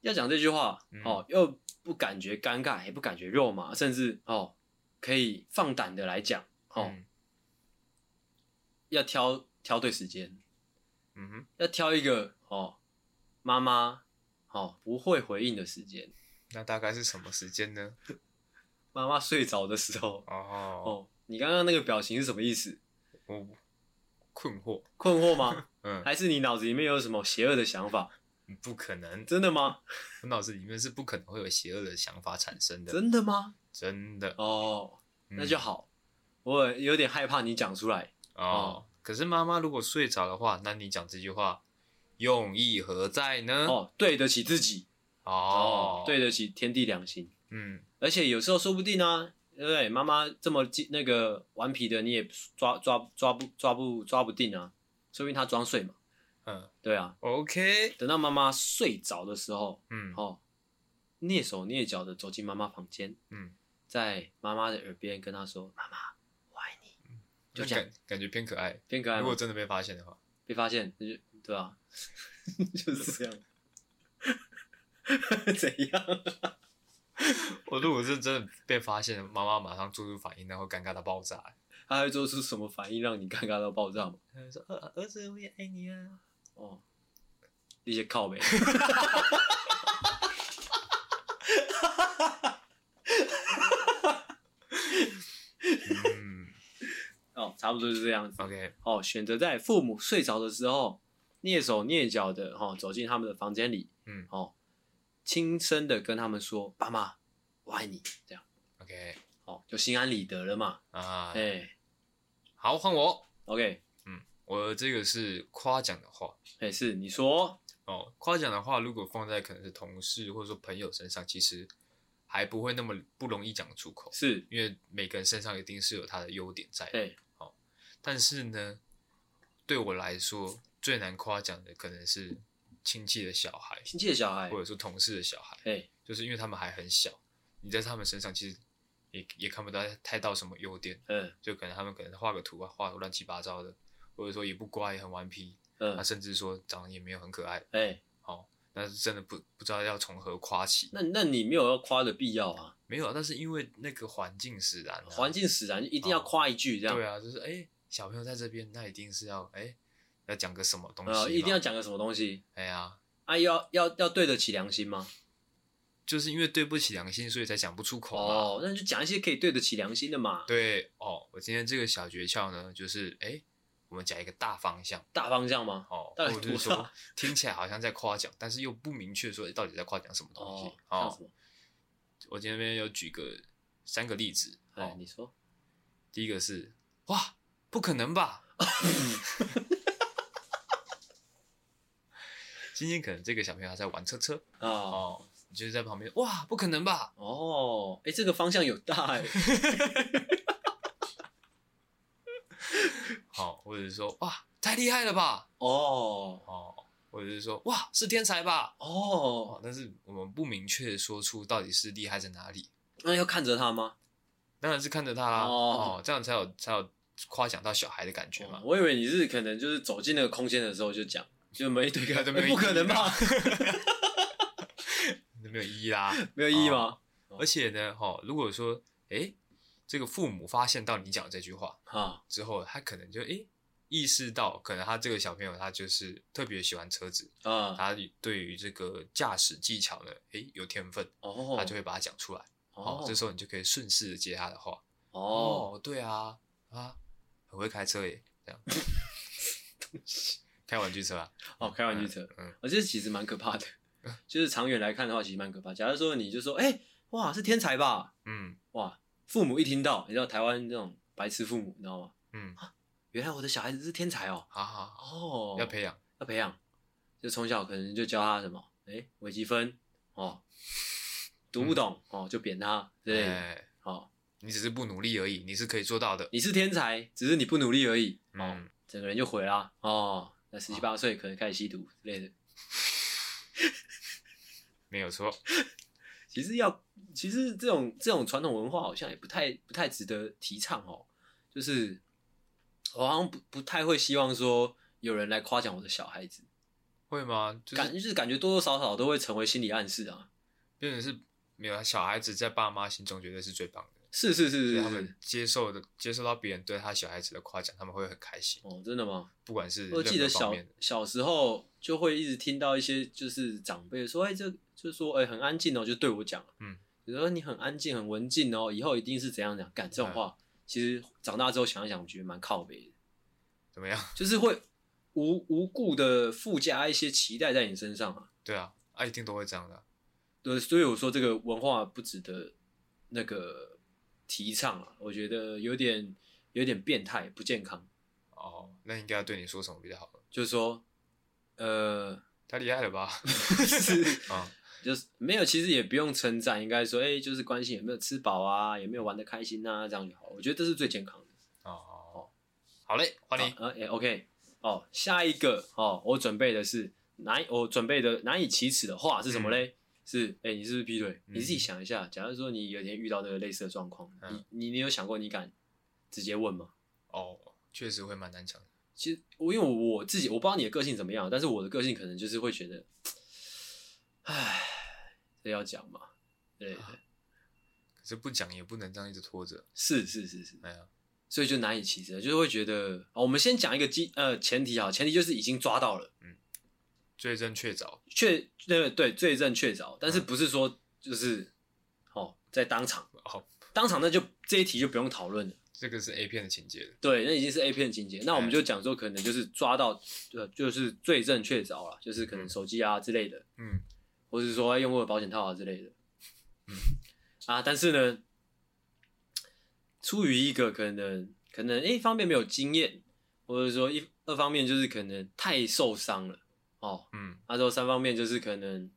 要講這句話，哦，又不感覺尷尬，也不感覺肉麻，甚至哦，可以放膽的來講，哦。Um, 要挑挑對時間，嗯哼，要挑一個哦，媽媽哦不會回應的時間，那大概是什麼時間呢？媽 媽睡着的時候哦哦，你剛剛那個表情是什麼意思？我、哦、困惑困惑嗎？ 嗯，還是你腦子裡面有什麼邪惡的想法？不可能，真的嗎？ 我腦子裡面是不可能會有邪惡的想法產生的，真的嗎？真的哦，那就好、嗯，我有點害怕你講出來。哦、嗯，可是媽媽如果睡着的話，那你講這句話，用意何在呢？哦，對得起自己哦，哦，對得起天地良心，嗯，而且有時候說不定啊，對不對？媽媽這麼那個頑皮的，你也抓抓抓不抓不抓不定啊，說明她裝睡嘛，嗯，對啊，OK，等到媽媽睡着的時候，嗯，哦，躡手躡腳的走進媽媽房間，嗯，在媽媽的耳邊跟她說，媽媽。就感感覺偏可愛，偏可愛。如果真的被發現的話，被發現就對啊， 就是這樣。 怎樣、啊？我如果是真的被發現，媽媽馬上做出反應，然後尷尬到爆炸、欸。她會做出什麼反應讓你尷尬到爆炸嗎？她會說：“兒子，我也愛你啊。”哦，一些靠杯哈哈哈。 哦，差不多是這樣子。OK，哦，選擇在父母睡着的時候，躡手躡腳的吼、哦、走進他們的房間裡，嗯，哦，輕聲的跟他們說：“爸媽，我愛你。”這樣，OK，哦，就心安理得了嘛。啊，哎，好，換我。OK，嗯，我這個是誇獎的話，哎，是你說哦。誇獎的話，如果放在可能是同事或者說朋友身上，其實還不會那麼不容易講出口，是因為每個人身上一定是有他的優點在的。哎。但是呢，對我來說最難誇獎的可能是親戚的小孩，親戚的小孩，或者說同事的小孩，哎、欸，就是因為他們還很小，你在他們身上其實也也看不到太到什麼優點，嗯，就可能他們可能畫個圖啊，畫圖亂七八糟的，或者說也不乖，也很頑皮，嗯，啊、甚至說長得也沒有很可愛，哎、欸，好、哦，那真的不不知道要從何誇起。那那你沒有要誇的必要啊、嗯，沒有，但是因為那個環境使然、啊，環境使然就一定要誇一句這樣、哦，對啊，就是哎。欸小朋友在這邊，那一定是要哎、欸，要講個什麼東西？一定要講個什麼東西？哎呀，啊，要要要對得起良心嗎？就是因為對不起良心，所以才講不出口。哦，那就講一些可以對得起良心的嘛。對哦，我今天這個小訣竅呢，就是哎、欸，我們講一個大方向。大方向嗎？哦，我、啊、就是說聽起來好像在誇獎，但是又不明確說、欸、到底在誇獎什麼東西。哦，哦我今天這邊有舉個三個例子、哦。哎，你說，第一個是哇。不可能吧？ 今天可能這個小朋友還在玩車車、oh. 哦，就是在旁邊。哇，不可能吧？哦，哎，這個方向有大哎、欸。好、 哦，或者是說哇，太厲害了吧？哦、oh. 哦，或者是說哇，是天才吧？哦、oh.，但是我們不明確說出到底是厲害在哪裡。那要看着他嗎？當然是看着他、啦 oh. 哦，這樣才有才有。誇獎到小孩的感覺嘛、哦？我以為你是可能就是走進那個空間的時候就講，就沒一堆一堆不可能吧？那 沒有意義啦，沒有意義嗎？哦、而且呢，哈、哦，如果說，哎、欸，這個父母發現到你講這句話、啊嗯，之後他可能就哎、欸、意識到，可能他這個小朋友他就是特別喜歡車子啊，他對於這個駕駛技巧呢，哎、欸，有天分哦，他就會把它講出來哦，哦。這時候你就可以順勢接他的話哦，哦，對啊，啊。我會開車耶，這樣 開玩具車啊？哦、嗯，開玩具車，嗯，我覺得其實蠻可怕的，嗯、就是長遠來看的話，其實蠻可怕。假如說你就說，哎、欸，哇，是天才吧？嗯，哇，父母一聽到你知道台灣這種白痴父母，你知道嗎？嗯、啊，原來我的小孩子是天才哦，好好，哦，要培養，要培養，就從小可能就教他什麼，哎、欸，微積分，哦，嗯、讀不懂、嗯，哦，就扁他，欸、對，好、哦。你只是不努力而已，你是可以做到的。你是天才，只是你不努力而已。嗯，整個人就毀了哦。那十七八歲可能開始吸毒之類的，哦、 沒有錯。 其實要，其實這種這種傳統文化好像也不太不太值得提倡哦、喔。就是我好像不不太會希望說有人來誇獎我的小孩子，會嗎？就是、感就是感覺多多少少都會成為心理暗示啊。真的是沒有，小孩子在爸媽心中絕對是最棒的。是是是是，他們接受的接受到別人對他小孩子的誇獎，他們會很開心。哦，真的嗎？不管是任何方面的。我記得小小時候就會一直聽到一些就是長輩說：“哎、欸，這就是說哎、欸，很安靜哦、喔，就對我講。”嗯，比如說你很安靜、很文靜哦、喔，以後一定是怎樣怎樣講。幹這種話、嗯，其實長大之後想一想，我覺得蠻靠北的。怎麼樣？就是會無無故的附加一些期待在你身上、啊。對啊，啊，一定都會這樣的。對，所以我說這個文化不值得那個。提倡啊，我覺得有點有點變態，不健康。哦，那應該要對你說什麼比較好了？就是說，呃，太厲害了吧？ 是、哦、就是沒有，其實也不用稱讚，應該說，哎、欸，就是關心有沒有吃飽啊，有沒有玩得開心啊？這樣就好。我覺得這是最健康的。哦好嘞，歡迎。哎、啊欸、OK，哦，下一個哦，我準備的是難，我準備的難以啟齒的話是什麼嘞？嗯是，哎、欸，你是不是劈腿？你自己想一下，嗯，假如說你有一天遇到那個類似的狀況，啊，你你有想過你敢直接問嗎？哦，確實會蠻難講的。其實因為我，我自己，我不知道你的個性怎麼樣，但是我的個性可能就是會覺得，哎，這要講嘛。對，對，對，啊，可是不講也不能這樣一直拖着。是是是是，哎呀，所以就難以啟齒，就是會覺得啊，我們先講一個基呃前提啊，前提就是已經抓到了，嗯。罪證確鑿，確那個對罪證確鑿，但是不是說就是、嗯、哦，在當場哦，當場那就這一題就不用討論了。這個是 A 片的情節對，那已經是 A 片的情節、嗯，那我們就講說可能就是抓到，對，就是罪證確鑿了，就是可能手機啊之類的，嗯，或是說用過的保險套啊之類的，嗯啊，但是呢，出於一個可能可能一方面沒有經驗，或者說一二方面就是可能太受傷了。哦，嗯，他、啊、說三方面就是可能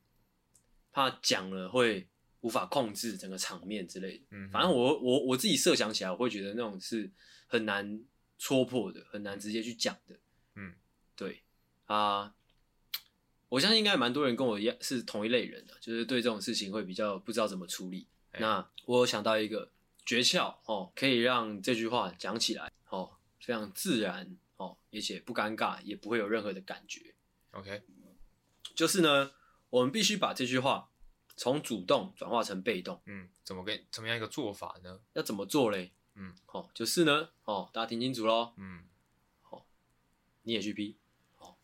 怕講了會無法控制整個場面之類的，嗯，反正我我我自己設想起來我會覺得那種是很難戳破的，很難直接去講的，嗯，對啊、呃，我相信應該蠻多人跟我一樣是同一類人的，就是對這種事情會比較不知道怎麼處理。嗯、那我想到一個訣竅哦，可以讓這句話講起來哦，非常自然哦，而且不尷尬，也不會有任何的感覺。OK，就是呢，我們必須把這句話從主動轉化成被動。嗯，怎麼個怎麼樣一個做法呢？要怎麼做嘞？嗯，哦，就是呢，哦，大家聽清楚嘍。嗯，好，你也去批。好，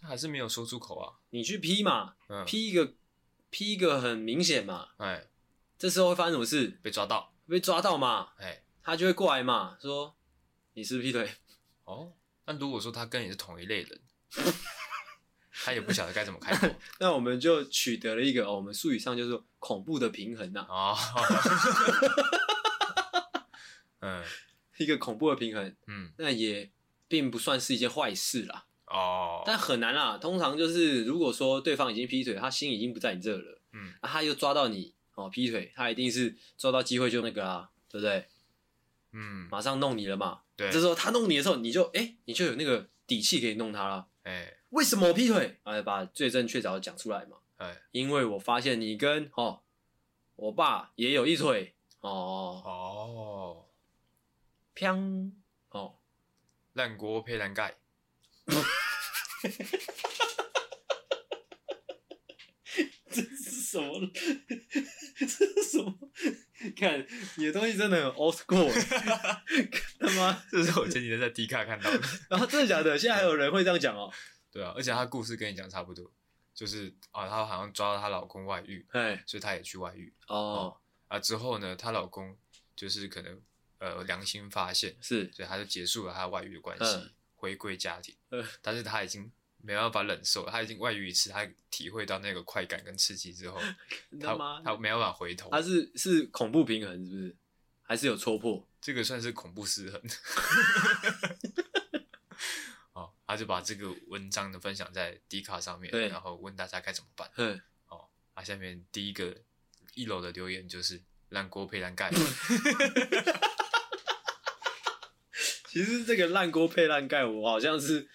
他還是沒有說出口啊？你去批嘛，嗯、批一個，批一個很明顯嘛。哎、嗯，這時候會發生什麼事？被抓到，被抓到嘛。哎，他就會過來嘛，說你是不是劈腿？哦。但如果說他跟你是同一類人， 他也不曉得該怎麼開口。 那我們就取得了一個、哦、我們術語上就是恐怖的平衡吶、啊。哦，哦 嗯，一個恐怖的平衡，嗯，那也並不算是一件壞事啦。哦，但很難啦。通常就是如果說對方已經劈腿，他心已經不在你這了，嗯，啊、他又抓到你哦劈腿，他一定是抓到機會就那個啦，對不對？嗯，馬上弄你了嘛。對，這時候他弄你的時候，你就哎，你就有那個底氣可以弄他了。哎、欸，為什麼我劈腿？哎、啊，把罪證確鑿講出來嘛。哎、欸，因為我發現你跟哦，我爸也有一腿哦。哦，砰！哦，爛鍋配爛蓋。 什麼？這是什麼？看你的東西真的很 old school 幹。他媽，這是我前幾天在 D 卡看到的。然、啊、後真的假的？現在還有人會這樣講哦、喔？對啊，而且他故事跟你講差不多，就是啊，他好像抓到他老公外遇，所以他也去外遇哦，哦。啊，之後呢，她老公就是可能呃良心發現，是，所以他就結束了他外遇的關係、嗯，回歸家庭、嗯。但是他已經。沒辦法忍受，他已經外遇一次，他體會到那個快感跟刺激之後，他他沒辦法回頭。他是是恐怖平衡，是不是？還是有戳破？這個算是恐怖失衡。 哦、他就把這個文章的分享在 D 卡上面，然後問大家該怎麼辦。嗯哦啊、下面第一個一樓的留言就是爛鍋爛“爛鍋配爛蓋”。其實這個“爛鍋配爛蓋”，我好像是。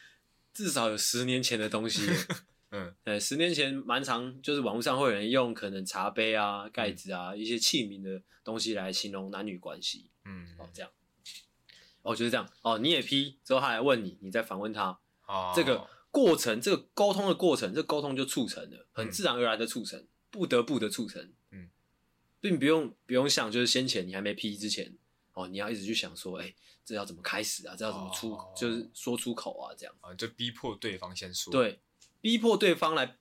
至少有十年前的東西， 嗯，十年前蠻常，就是網絡上會有人用可能茶杯啊、蓋子啊、嗯、一些器皿的東西來形容男女關係，嗯，嗯，哦，這樣，哦，就是這樣，哦，你也批，之後他來問你，你再反問他，哦，這個過程，這個溝通的過程，這個溝通就促成了，很自然而然的促成，不得不的促成，嗯，並不用不用想，就是先前你還沒批之前，哦，你要一直去想說，哎、欸。這要怎麼開始啊？這要怎麼出，哦、就是說出口啊？這樣啊，就逼迫對方先說。對，逼迫對方來，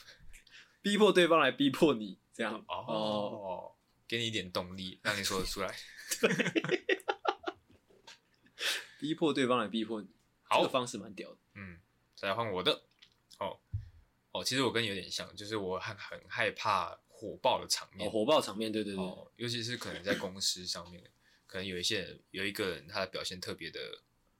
逼迫對方來逼迫你，這樣哦，哦，給你一點動力， 讓你說得出來。對 逼迫對方來逼迫你。好，這個方式蠻屌的。嗯，再來換我的。哦哦，其實我跟你有點像，就是我很很害怕火爆的場面，哦、火爆場面，對對對、哦，尤其是可能在公司上面。 可能有一些人，有一個人他的表現特別的，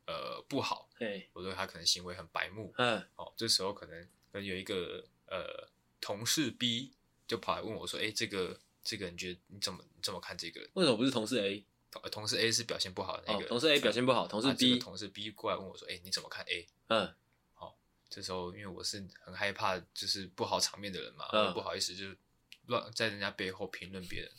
呃，不好。嘿，我覺得他可能行為很白目。嗯，好、哦，這時候可能，可能有一個呃，同事 B 就跑來問我說：“誒、欸，這個這個人，覺得你怎麼這麼看這個？”為什麼不是同事 A？同，同事 A 是表現不好的那個。Oh, 同事 A 表現不好，同事 B、啊這個、同事 B 過來問我說：“誒、欸，你怎麼看 A？” 嗯，好、哦，這時候因為我是很害怕，就是不好場面的人嘛，嗯、我不好意思，就是亂在人家背後評論別人。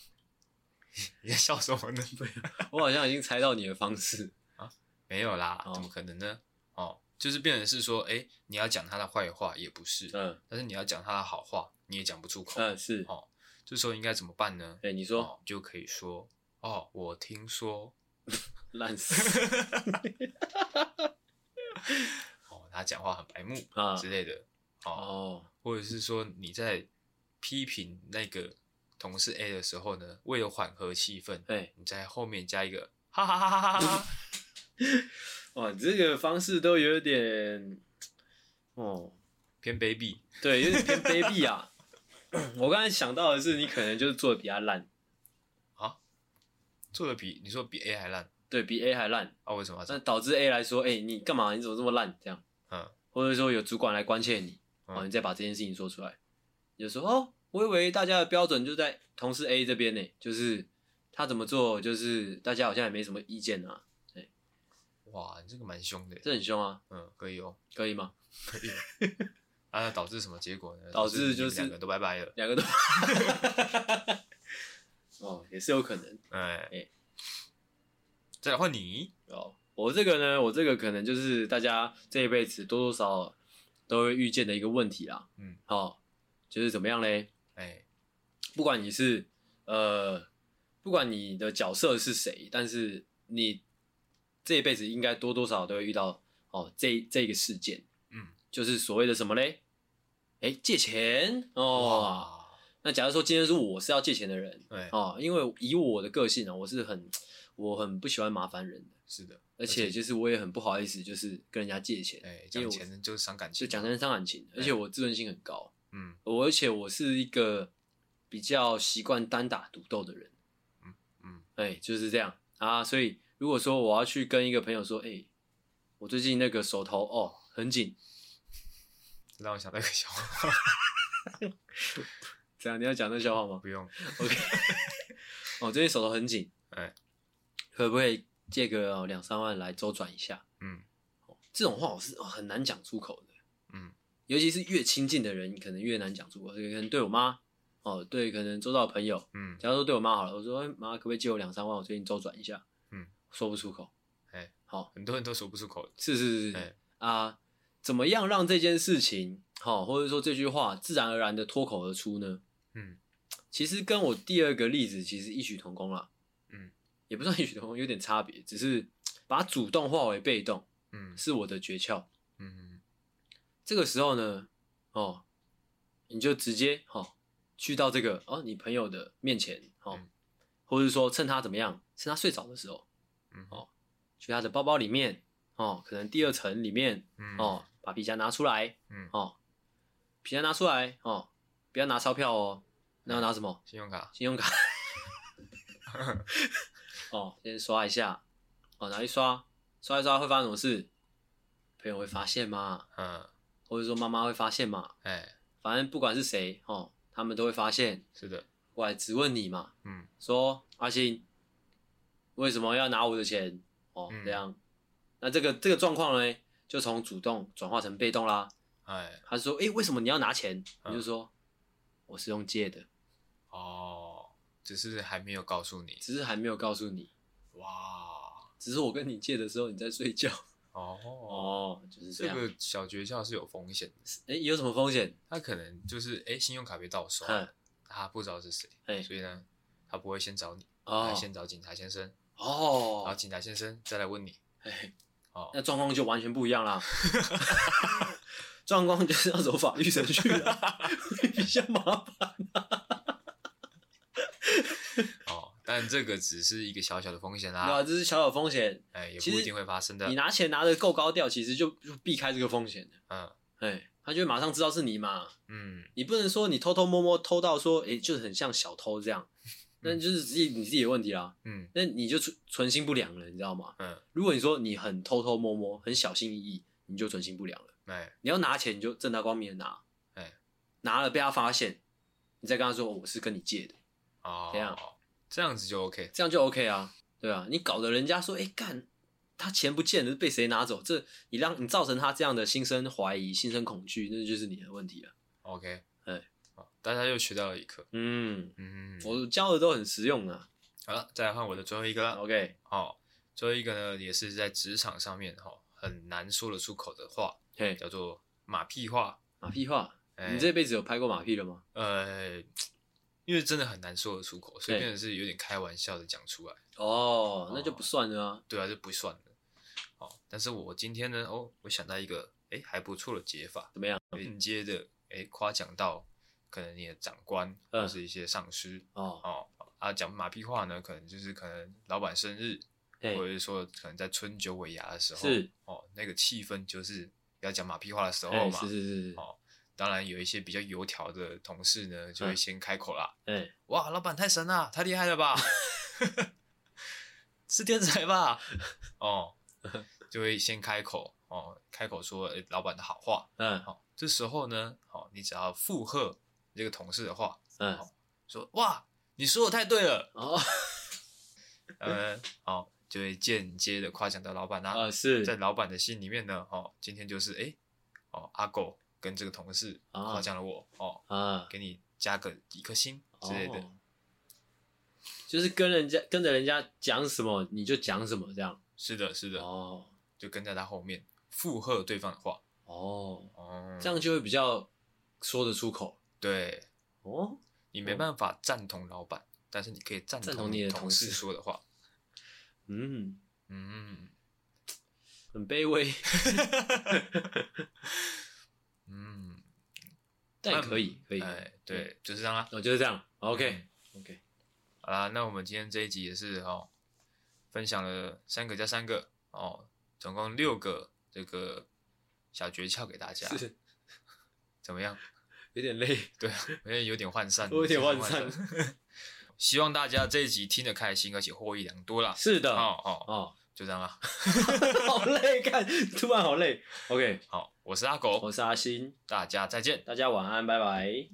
你在笑什麼呢？ 我好像已經猜到你的方式啊，沒有啦、哦，怎麼可能呢？哦，就是變成是說，誒、欸，你要講他的壞話也不是，嗯，但是你要講他的好話，你也講不出口，嗯，是，哦，這時候應該怎麼辦呢？誒、欸，你說、哦、就可以說，哦，我聽說，爛 死了， 哦，他講話很白目啊之類的、啊，哦，或者是說你在批評那個。同事 A 的時候呢，為了緩和氣氛，哎，你在後面加一個哈哈哈哈哈哈， 哇，你這個方式都有點哦，偏卑鄙，對，有點偏卑鄙啊。 我剛才想到的是，你可能就是做的比較爛啊，做的比你說比 A 還爛，對比 A 還爛啊？為什麼要？那導致 A 來說，哎、欸，你幹嘛？你怎麼這麼爛？這樣，嗯，或者說有主管來關切你，啊，你再把這件事情說出來，有、嗯、時候。哦我以為大家的標準就在同事 A 這邊呢、欸，就是他怎麼做，就是大家好像也沒什麼意見啊。欸、哇，你這個蠻兇的，欸，這很兇啊。嗯，可以哦，可以嗎？可以。 啊，導致什麼結果呢？導致就是兩個都拜拜了，兩個都。 哦，也是有可能。哎、欸、哎、欸，再來換你哦。我這個呢，我這個可能就是大家這一輩子多多少少都會遇見的一個問題啦。嗯，好、哦，就是怎麼樣嘞？哎、欸，不管你是，呃，不管你的角色是誰，但是你這一輩子應該多多少少都會遇到哦，這這個事件，嗯，就是所謂的什麼嘞？哎，借錢哦。那假如說今天是我，是要借錢的人，對、欸，哦，因為以我的個性啊、哦，我是很，我很不喜歡麻煩人的，是的，而且就是我也很不好意思，就是跟人家借錢，哎、欸，借錢人就是傷感情，就講真傷感情、欸，而且我自尊心很高。嗯，我而且我是一個比較習慣單打獨鬥的人，嗯嗯，哎、欸，就是這樣啊。所以如果說我要去跟一個朋友說，哎、欸，我最近那個手頭哦很緊，讓我想到一個笑話。這 樣，你要講那個笑話嗎？不用，OK。哦，最近手頭很緊，哎、欸，可不可以借個哦、兩三萬來周轉一下？嗯、哦，這種話我是、哦、很難講出口的。尤其是越親近的人，可能越難講出口。可能對我媽，哦、喔，對，可能周遭的朋友，嗯，假如說對我媽好了，我說媽、欸，可不可以借我兩三萬，我最近周轉一下，嗯，說不出口，哎、好，很多人都說不出口，是是是，啊、呃，怎麼樣讓這件事情，喔、或者說這句話，自然而然的脫口而出呢？嗯，其實跟我第二個例子其實異曲同工了，嗯，也不算異曲同工，有點差別，只是把主動化為被動，嗯，是我的訣竅。這個時候呢，哦，你就直接哦，去到這個哦，你朋友的面前哦，嗯、或者是說趁他怎麼樣，趁他睡着的時候、嗯，哦，去他的包包裡面哦，可能第二層裡面、嗯、哦，把皮夾拿、嗯哦、拿出來，哦，皮夾拿出來哦，不要拿鈔票哦，那、嗯、要拿什麼？信用卡，信用卡， 哦，先刷一下，哦，拿去刷，刷一刷會發生什麼事？嗯、朋友會發現嗎？嗯。或者說媽媽會發現嘛？哎、hey.，反正不管是誰哦，他們都會發現。是的，過來質問你嘛？嗯，說阿星為什麼要拿我的錢？哦、這、嗯、樣，那這個這個狀況呢，就從主動轉化成被動啦。哎、hey.，他說，哎、欸，為什麼你要拿錢？嗯、你就說我是用借的。哦、oh,，只是還沒有告訴你。只是還沒有告訴你。哇、wow.，只是我跟你借的時候你在睡覺。哦、oh, oh, 就是這、這個小訣竅是有風險的。哎、欸，有什麼風險？他可能就是哎、欸，信用卡被盜刷，他不知道是誰、欸，所以呢，他不會先找你，他、oh. 先找警察先生。哦、oh.，然後警察先生再來問你。欸 oh. 那狀況就完全不一樣啦。狀 況 就是要走法律程序了，會 比較麻煩、啊。 但這個只是一個小小的風險啦，對啊， 這是小小風險，哎、欸，也不一定會發生的。你拿錢拿得夠高調，其實就，就避開這個風險。嗯，哎、欸，他就會馬上知道是你嘛。嗯，你不能說你偷偷摸摸偷到說，哎、欸，就是很像小偷這樣，那就是你你自己的問題啦。嗯，那你就存存心不良了，你知道嗎？嗯，如果你說你很偷偷摸摸、很小心翼翼，你就存心不良了。哎、嗯，你要拿錢，你就正大光明的拿。哎、嗯，拿了被他發現，你再跟他說、哦、我是跟你借的。哦，這樣。這樣子就 OK，這樣就 OK 啊，對啊，你搞得人家說，哎、欸、幹，他錢不見了，被誰拿走？這你讓你造成他這樣的心生懷疑、心生恐懼，那就是你的問題了、啊。OK，哎，大家又學到了一課。嗯嗯，我教的都很實用啊。好了，再來換我的最後一個啦。OK，好，最後一個呢，也是在職場上面哈，很難說得出口的話，嘿，叫做馬屁話。馬屁話，你這輩子有拍過馬屁了嗎？呃嘿嘿。因為真的很難說得出口，所以真的是有點開玩笑的講出來，Hey. Oh, 哦，那就不算了，對啊，就不算了。哦，但是我今天呢，哦，我想到一個，哎、欸，還不錯的解法，怎麼樣？間接的，哎、欸，誇獎到可能你的長官或是一些上司。Uh. Oh. 哦，他啊，講馬屁話呢，可能就是可能老闆生日，Hey. 或者是說可能在春酒尾牙的時候，是，Hey. 哦，那個氣氛就是要講馬屁話的時候嘛，Hey. 是是是是，哦。當然，有一些比較油條的同事呢，就會先開口啦。嗯哇，欸、老闆太神了，太厲害了吧？ 是天才吧？哦，就會先開口哦，開口說、欸、老闆的好話。嗯，好、哦，這時候呢，好、哦，你只要附和這個同事的話。嗯，說哇，你說的太對了。哦， 嗯，好、哦，就會間接的誇獎到老闆啦。啊，是在老闆的心裡面呢。哦，今天就是哎、欸，哦，阿狗。跟這個同事誇獎了我啊哦啊，給你加個幾顆星之類的，就是跟人家跟着人家講什麼你就講什麼這樣，是的，是的哦，就跟在他後面附和對方的話哦哦、嗯，這樣就會比較說得出口，對哦，你沒辦法贊同老板、哦，但是你可以贊同你的同事說的話，嗯嗯，很卑微。 嗯，但可以，可以，欸可以對，對，就是這樣啦，哦，就是這樣，嗯，OK，OK，okay, okay. 好啦，那我們今天這一集也是哦，分享了三個加三個哦，總共六個這個小訣竅給大家是，欸，怎麼樣？有點累，對，有點我有點渙散，有點渙散。 希望大家這一集聽得開心，而且獲益良多啦。是的，哦哦哦，就這樣啦， 好累，看突然好累，OK，好。我是阿狗，我是阿星，大家再見，大家晚安，拜拜。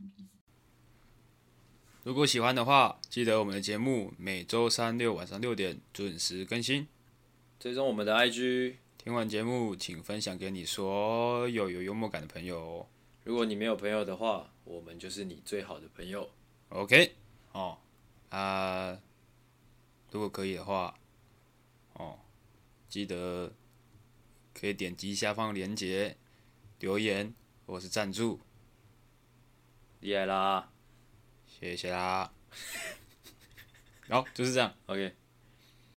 如果喜歡的話，記得我們的節目每周三六晚上六點準時更新，追蹤我們的 IG。聽完節目，請分享給你所有有幽默感的朋友。如果你沒有朋友的話，我們就是你最好的朋友。OK，哦，啊、呃，如果可以的話，哦，記得可以點擊下方連結。留言，我是贊助，厲害啦，謝謝啦，好、 oh,， 就是這樣，OK。